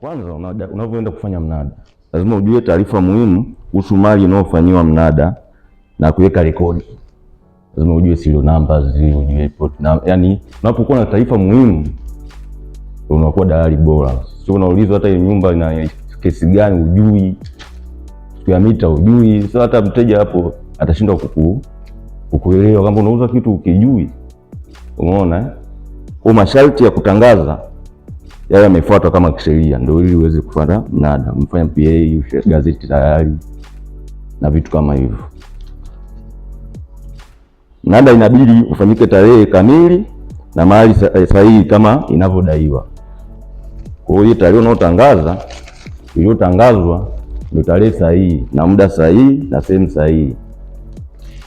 Kwanza unavyoenda kufanya mnada, lazima ujue taarifa muhimu kuhusu mali inayofanyiwa mnada na kuweka rekodi. Lazima ujue serial numbers, ujue plot na, Yani unapokuwa na taarifa muhimu unakuwa dalali bora. Sio unaulizwa hata ile nyumba ina kesi gani, ujui ya mita ujui. Sasa hata mteja hapo atashindwa kuku kukuelewa kama unauza kitu ukijui. Umeona, eh? au masharti ya kutangaza yale yamefuatwa kama kisheria, ndio ili uweze kufuata mnada, mfanya PA, gazeti tayari na vitu kama hivyo. Mnada inabidi ufanyike tarehe kamili na mahali eh, sahihi kama inavyodaiwa. Kwa hiyo tarehe unaotangaza iliyotangazwa ndio tarehe sahihi na muda sahihi na sehemu sahihi,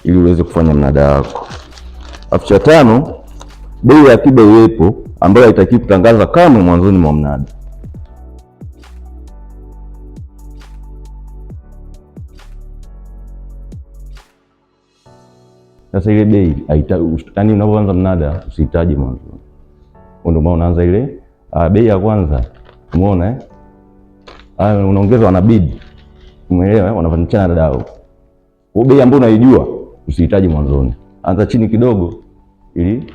ili uweze kufanya mnada wako. Afu cha tano, bei ya akiba iwepo ambayo haitaki kutangaza kamwe mwanzoni mwa mnada. Sasa ile bei yani unapoanza mnada usihitaji mwanzoni, ndio maana unaanza ile ah, bei ya kwanza, umeona eh? Ah, Unaongeza wanabidi, umeelewa eh? Wanafanikisha na dau bei ambayo unaijua usihitaji mwanzoni, anza chini kidogo ili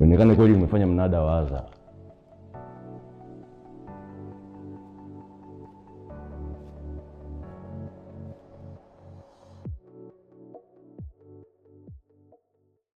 ionekane kweli umefanya mnada wa adha.